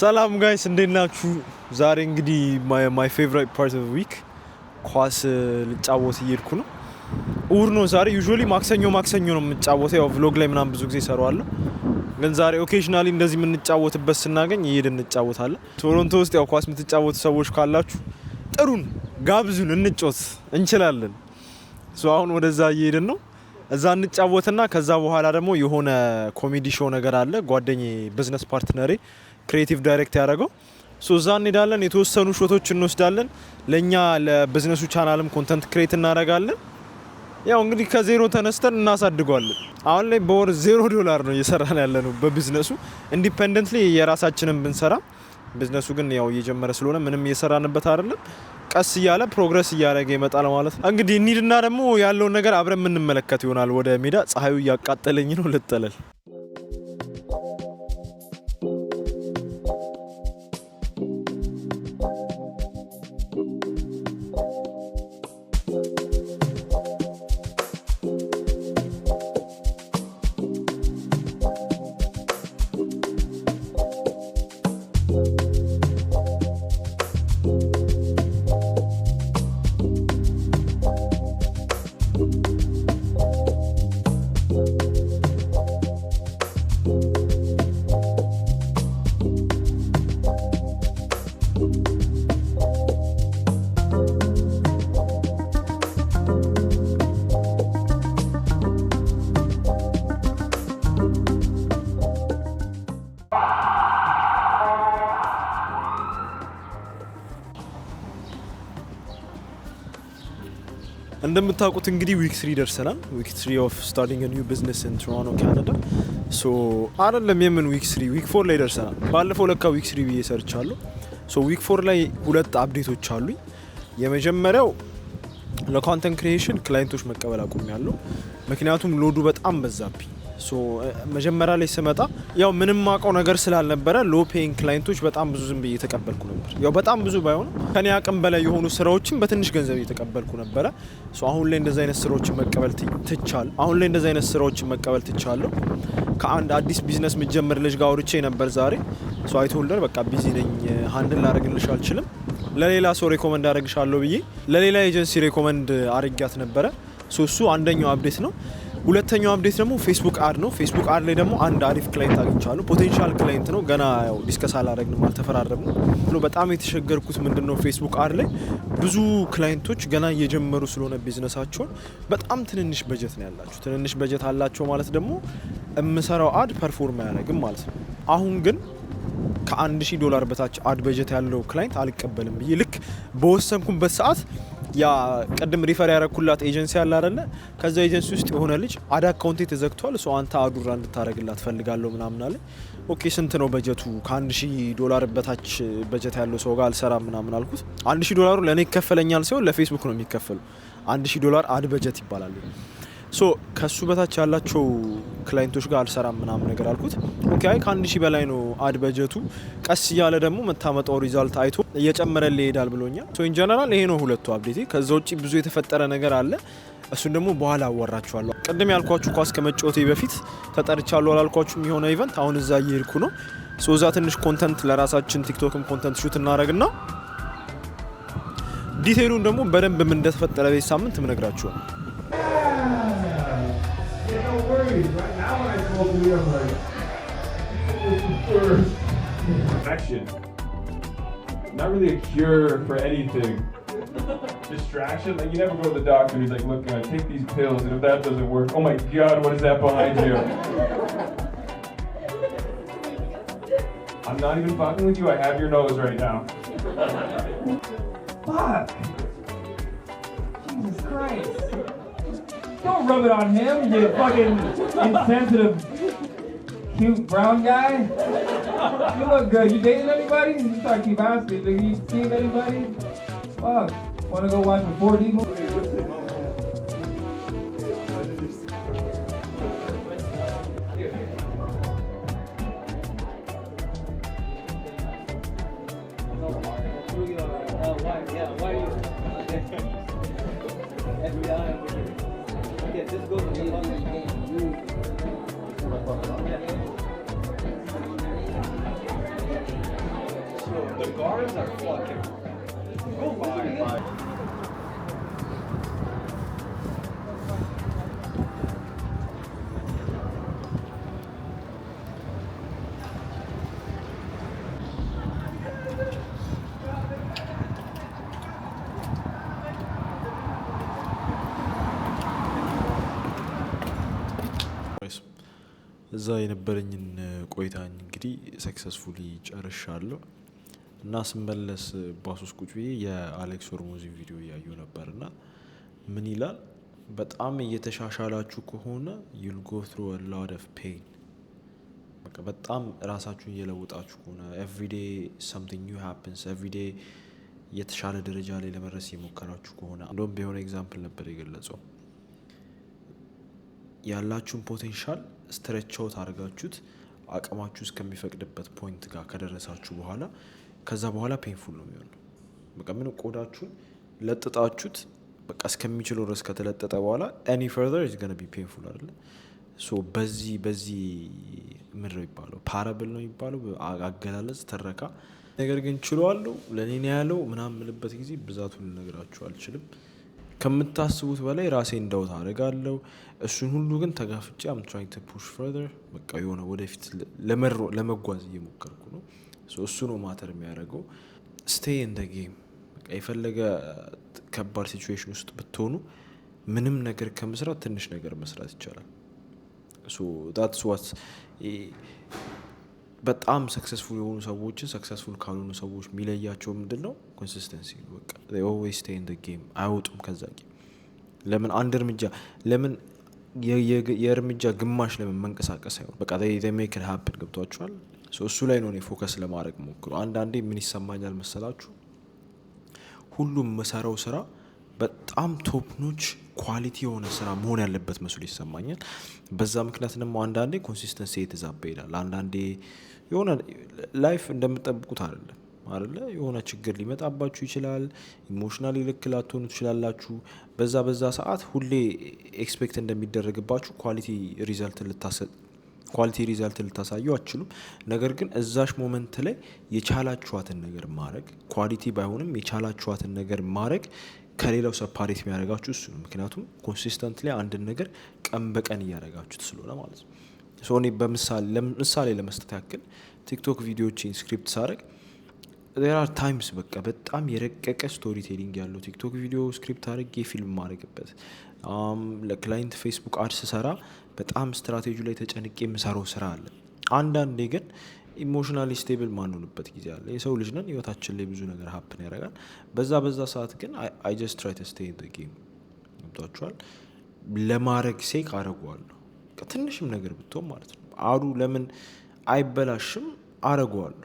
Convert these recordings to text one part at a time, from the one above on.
ሰላም ጋይስ እንዴት ናችሁ? ዛሬ እንግዲህ ማይ ፌቨራይት ፓርት ኦፍ ዊክ ኳስ uh, ልጫወት እየሄድኩ ነው። እሁድ ነው ዛሬ። ዩዥዋሊ ማክሰኞ ማክሰኞ ነው የምጫወተው፣ ያው ቭሎግ ላይ ምናምን ብዙ ጊዜ እሰራዋለሁ። ግን ዛሬ ኦኬዥናሊ እንደዚህ የምንጫወትበት ስናገኝ እየሄድን እንጫወታለን። ቶሮንቶ ውስጥ ያው ኳስ የምትጫወቱ ሰዎች ካላችሁ ጥሩን፣ ጋብዙን፣ እንጮት እንችላለን። አሁን ወደዛ እየሄድን ነው። እዛ እንጫወትና ከዛ በኋላ ደግሞ የሆነ ኮሜዲ ሾው ነገር አለ። ጓደኛዬ ቢዝነስ ፓርትነሬ ክሬቲቭ ዳይሬክት ያደረገው ሶ እዛ እንሄዳለን። የተወሰኑ ሾቶች እንወስዳለን። ለእኛ ለቢዝነሱ ቻናልም ኮንተንት ክሬት እናደርጋለን። ያው እንግዲህ ከዜሮ ተነስተን እናሳድጓለን። አሁን ላይ በወር ዜሮ ዶላር ነው እየሰራን ያለ ነው በቢዝነሱ ኢንዲፔንደንትሊ የራሳችንን ብንሰራ ቢዝነሱ ግን ያው እየጀመረ ስለሆነ ምንም እየሰራንበት አይደለም። ቀስ እያለ ፕሮግረስ እያደረገ ይመጣል ማለት ነው። እንግዲህ እንሂድና ደግሞ ያለውን ነገር አብረን የምንመለከት ይሆናል። ወደ ሜዳ ፀሐዩ እያቃጠለኝ ነው ልጠለል እንደምታውቁት እንግዲህ ዊክ ስሪ ደርሰናል። ዊክ ስሪ ኦፍ ስታርቲንግ ኒው ቢዝነስ ኢን ቶሮንቶ ካናዳ። ሶ አይደለም የምን ዊክ ስሪ ዊክ ፎር ላይ ደርሰናል። ባለፈው ለካ ዊክ ስሪ ብዬ ሰርቻለሁ። ሶ ዊክ ፎር ላይ ሁለት አፕዴቶች አሉኝ። የመጀመሪያው ለኮንተንት ክሪኤሽን ክላይንቶች መቀበል አቁሜያለሁ። ምክንያቱም ሎዱ በጣም በዛብኝ መጀመሪያ ላይ ስመጣ ያው ምንም ማውቀው ነገር ስላልነበረ ሎ ፔይንግ ክላይንቶች በጣም ብዙ ዝም ብዬ እየተቀበልኩ ነበር። ያው በጣም ብዙ ባይሆን ከኔ አቅም በላይ የሆኑ ስራዎችን በትንሽ ገንዘብ እየተቀበልኩ ነበረ። አሁን ላይ እንደዚህ አይነት ስራዎችን መቀበል ትቻል አሁን ላይ እንደዚህ አይነት ስራዎችን መቀበል ትቻለሁ። ከአንድ አዲስ ቢዝነስ የምጀምር ልጅ ጋር አውርቼ ነበር ዛሬ ሶ አይቶልደር በቃ ቢዚ ነኝ ሀንድል ላደርግልሽ አልችልም፣ ለሌላ ሰው ሬኮመንድ አደረግሻለሁ ብዬ ለሌላ ኤጀንሲ ሬኮመንድ አድርጊያት ነበረ። ሶ እሱ አንደኛው አብዴት ነው። ሁለተኛው አፕዴት ደግሞ ፌስቡክ አድ ነው። ፌስቡክ አድ ላይ ደግሞ አንድ አሪፍ ክላይንት አግኝቻለሁ። ፖቴንሻል ክላይንት ነው። ገና ያው ዲስከስ አላረግንም፣ አልተፈራረምም። በጣም የተሸገርኩት ምንድን ነው ፌስቡክ አድ ላይ ብዙ ክላይንቶች ገና እየጀመሩ ስለሆነ ቢዝነሳቸውን በጣም ትንንሽ በጀት ነው ያላቸው። ትንንሽ በጀት አላቸው ማለት ደግሞ የምሰራው አድ ፐርፎርም አያደርግም ማለት ነው። አሁን ግን ከአንድ ሺህ ዶላር በታች አድ በጀት ያለው ክላይንት አልቀበልም ብዬ ልክ በወሰንኩበት ሰዓት ያ ቅድም ሪፈር ያረኩላት ኤጀንሲ አለ አይደለ? ከዛ ኤጀንሲ ውስጥ የሆነ ልጅ አድ አካውንቴ ተዘግቷል፣ ሰው አንተ አዱራ እንድታደረግላት ፈልጋለሁ ምናምን አለ። ኦኬ ስንት ነው በጀቱ? ከአንድ ሺህ ዶላር በታች በጀት ያለው ሰው ጋር አልሰራ ምናምን አልኩት። አንድ ሺህ ዶላሩ ለእኔ ይከፈለኛል ሲሆን ለፌስቡክ ነው የሚከፈሉ። አንድ ሺ ዶላር አድ በጀት ይባላል። ሶ ከሱ በታች ያላቸው ክላይንቶች ጋር አልሰራም ምናምን ነገር አልኩት። ኦኬ አይ ከአንድ ሺህ በላይ ነው አድ በጀቱ፣ ቀስ እያለ ደግሞ መታመጣው ሪዛልት አይቶ እየጨመረልህ ይሄዳል ብሎኛል። ሶ ኢንጀነራል ይሄ ነው ሁለቱ አብዴቴ። ከዛ ውጭ ብዙ የተፈጠረ ነገር አለ። እሱን ደግሞ በኋላ አወራችኋለሁ። ቅድም ያልኳችሁ ኳስ ከመጫወቴ በፊት ተጠርቻለሁ አላልኳችሁም? የሆነ ኢቨንት አሁን እዛ እየሄድኩ ነው። ሶ እዛ ትንሽ ኮንተንት ለራሳችን ቲክቶክም ኮንተንት ሹት እናደረግና ዲቴይሉን ደግሞ በደንብ ምን እንደተፈጠረ ቤት ሳምንት ምነግራችኋል። both of I'm like, Not really a cure for anything. Distraction. Like you never go to the doctor. He's like, look, uh, take these pills, and if that doesn't work, oh my God, what is that behind you? I'm not even fucking with you. I have your nose right now. Fuck. Jesus Christ. Don't rub it on him, you fucking insensitive, cute brown guy. You look good. You dating anybody? You start keep asking. Do you see anybody? Fuck. Wanna go watch a 4D movie? Uh, yeah, why are you? Every hour. Yeah, this goes to the The guards are fucking. Oh Go by. እዛ የነበረኝን ቆይታኝ እንግዲህ ሰክሰስፉሊ ጨርሻለሁ እና ስመለስ ባሶስ ቁጭ ብዬ የአሌክስ ሆርሙዝን ቪዲዮ እያዩ ነበር እና ምን ይላል በጣም እየተሻሻላችሁ ከሆነ ዩል ጎ ትሮ ላድ ኦፍ ፔን በጣም ራሳችሁን እየለወጣችሁ ከሆነ ኤቭሪዴ ሰምቲንግ ኒው ሃፕንስ ኤቭሪዴ የተሻለ ደረጃ ላይ ለመድረስ የሞከራችሁ ከሆነ እንደውም ቢሆነ ኤግዛምፕል ነበር የገለጸው ያላችሁን ፖቴንሻል ስትረቸውት አድርጋችሁት አቅማችሁ እስከሚፈቅድበት ፖይንት ጋር ከደረሳችሁ በኋላ ከዛ በኋላ ፔንፉል ነው የሚሆነው። በቃ ምን ቆዳችሁን ለጥጣችሁት በቃ እስከሚችለው ድረስ ከተለጠጠ በኋላ ኤኒ ፈርዘር ኢዝ ገና ቢ ፔንፉል አይደለ? ሶ በዚህ በዚህ ምድር ነው የሚባለው ፓራብል ነው የሚባለው አገላለጽ ተረካ። ነገር ግን ችሏለሁ ለእኔ ነው ያለው ምናምን ምልበት ጊዜ ብዛቱን ልነግራችሁ አልችልም። ከምታስቡት በላይ ራሴ እንደውት አደርጋለሁ። እሱን ሁሉ ግን ተጋፍጬ አም ትራይንግ ቱ ፑሽ ፈርደር በቃ የሆነ ወደፊት ለመጓዝ እየሞከርኩ ነው። እሱ ነው ማተር የሚያደርገው። ስቴይ እንደ ጌም የፈለገ ከባድ ሲትዌሽን ውስጥ ብትሆኑ ምንም ነገር ከመስራት ትንሽ ነገር መስራት ይቻላል። ዳትስ ዋት በጣም ሰክሰስፉል የሆኑ ሰዎችን ሰክሰስፉል ካልሆኑ ሰዎች የሚለያቸው ምንድን ነው? ኮንሲስተንሲ በቃ ኦልዌይስ ስቴይ ኢን ዘ ጌም አይወጡም ከዛ ጌም። ለምን አንድ እርምጃ ለምን የእርምጃ ግማሽ ለምን መንቀሳቀስ አይሆን በቃ ሜክን ሀፕን ገብቷቸዋል። እሱ ላይ ነው ፎከስ ለማድረግ ሞክሩ። አንዳንዴ ምን ይሰማኛል መሰላችሁ ሁሉም መሰራው ስራ በጣም ቶፕኖች ኳሊቲ የሆነ ስራ መሆን ያለበት መስሎ ይሰማኛል። በዛ ምክንያት ደግሞ አንዳንዴ ኮንሲስተንሲ የተዛባ ይሄዳል። አንዳንዴ የሆነ ላይፍ እንደምጠብቁት አይደለም አለ የሆነ ችግር ሊመጣባችሁ ይችላል። ኢሞሽናል ልክ ላትሆኑ ትችላላችሁ። በዛ በዛ ሰዓት ሁሌ ኤክስፔክት እንደሚደረግባችሁ ኳሊቲ ሪዛልት ኳሊቲ ሪዛልት ልታሳዩ አትችሉም። ነገር ግን እዛሽ ሞመንት ላይ የቻላችኋትን ነገር ማድረግ ኳሊቲ ባይሆንም የቻላችኋትን ነገር ማድረግ ከሌላው ሰፓሬት የሚያደርጋችሁ እሱ ነው። ምክንያቱም ኮንሲስተንት ላይ አንድን ነገር ቀን በቀን እያደረጋችሁት ስለሆነ ማለት ነው። እኔ ምሳሌ ለመስጠት ያክል ቲክቶክ ቪዲዮዎችን ስክሪፕት ሳደርግ ራር አር ታይምስ በቃ በጣም የረቀቀ ስቶሪ ቴሊንግ ያለው ቲክቶክ ቪዲዮ ስክሪፕት አድርጌ ፊልም ማድረግበት ለክላይንት ፌስቡክ አድ ስሰራ በጣም ስትራቴጂ ላይ ተጨንቄ የምሰራው ስራ አለ። አንዳንዴ ግን ኢሞሽናሊ ስቴብል ማንሆንበት ጊዜ አለ። የሰው ልጅ ነን፣ ህይወታችን ላይ ብዙ ነገር ሀፕን ያደርጋል። በዛ በዛ ሰዓት ግን አይ ጀስት ትራይ ተስቴ ጌም ገብቷችኋል። ለማድረግ ሴክ አረጓዋለሁ ትንሽም ነገር ብትሆን ማለት ነው። አሉ ለምን አይበላሽም? አረገዋለሁ፣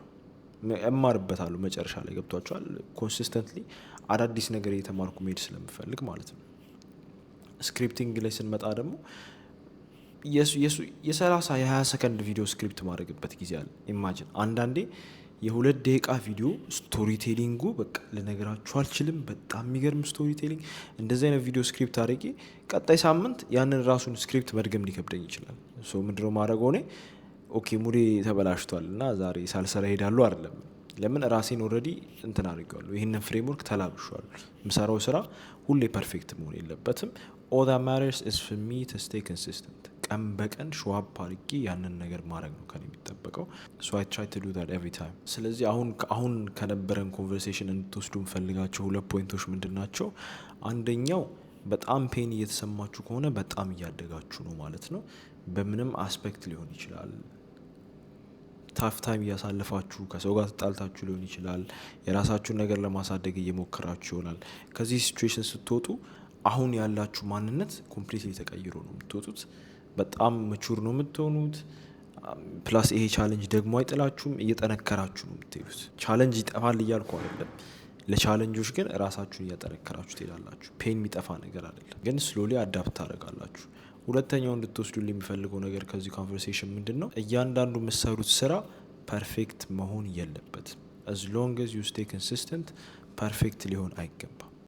እማርበታለሁ። መጨረሻ ላይ ገብቷቸዋል። ኮንሲስተንትሊ አዳዲስ ነገር እየተማርኩ መሄድ ስለምፈልግ ማለት ነው። ስክሪፕቲንግ ላይ ስንመጣ ደግሞ የሰላሳ የሀያ ሰከንድ ቪዲዮ ስክሪፕት ማድረግበት ጊዜ አለ። ኢማጂን አንዳንዴ የሁለት ደቂቃ ቪዲዮ ስቶሪ ቴሊንጉ በቃ ልነግራችሁ አልችልም። በጣም የሚገርም ስቶሪ ቴሊንግ። እንደዚህ አይነት ቪዲዮ ስክሪፕት አድርጌ ቀጣይ ሳምንት ያንን ራሱን ስክሪፕት መድገም ሊከብደኝ ይችላል። ምንድነው ማድረግ ሆኔ ኦኬ ሙዴ ተበላሽቷል እና ዛሬ ሳልሰራ ይሄዳሉ አይደለም። ለምን ራሴን ኦልሬዲ እንትን አድርገዋለሁ። ይህንን ፍሬምወርክ ተላብሿል የምሰራው ስራ ሁሌ ፐርፌክት መሆን የለበትም። ኦል ዛት ማተርስ ኢዝ ፎር ሚ ቱ ስቴይ ኮንሲስተንት ቀን በቀን ሸዋፕ አድርጌ ያንን ነገር ማድረግ ነው ከኔ የሚጠበቀው። ሶ አይ ትራይ ቱ ዱ ዛት ኤቭሪ ታይም። ስለዚህ አሁን አሁን ከነበረን ኮንቨርሴሽን እንድትወስዱ ምፈልጋቸው ሁለት ፖይንቶች ምንድን ናቸው? አንደኛው በጣም ፔን እየተሰማችሁ ከሆነ በጣም እያደጋችሁ ነው ማለት ነው። በምንም አስፔክት ሊሆን ይችላል ታፍ ታይም እያሳለፋችሁ ከሰው ጋር ተጣልታችሁ ሊሆን ይችላል። የራሳችሁን ነገር ለማሳደግ እየሞከራችሁ ይሆናል። ከዚህ ሲትዌሽን ስትወጡ አሁን ያላችሁ ማንነት ኮምፕሊትሊ ተቀይሮ ነው የምትወጡት። በጣም ምቹር ነው የምትሆኑት። ፕላስ ይሄ ቻለንጅ ደግሞ አይጥላችሁም፣ እየጠነከራችሁ ነው የምትሄዱት። ቻለንጅ ይጠፋል እያልኩ አይደለም። ለቻለንጆች ግን እራሳችሁን እያጠነከራችሁ ትሄዳላችሁ። ፔን የሚጠፋ ነገር አይደለም፣ ግን ስሎሊ አዳፕት ታደርጋላችሁ። ሁለተኛው እንድትወስዱ የሚፈልገው ነገር ከዚህ ኮንቨርሴሽን ምንድን ነው? እያንዳንዱ የምትሰሩት ስራ ፐርፌክት መሆን የለበትም። አዝ ሎንግ አዝ ዩ ስቴይ ኮንሲስተንት ፐርፌክት ሊሆን አይገባም።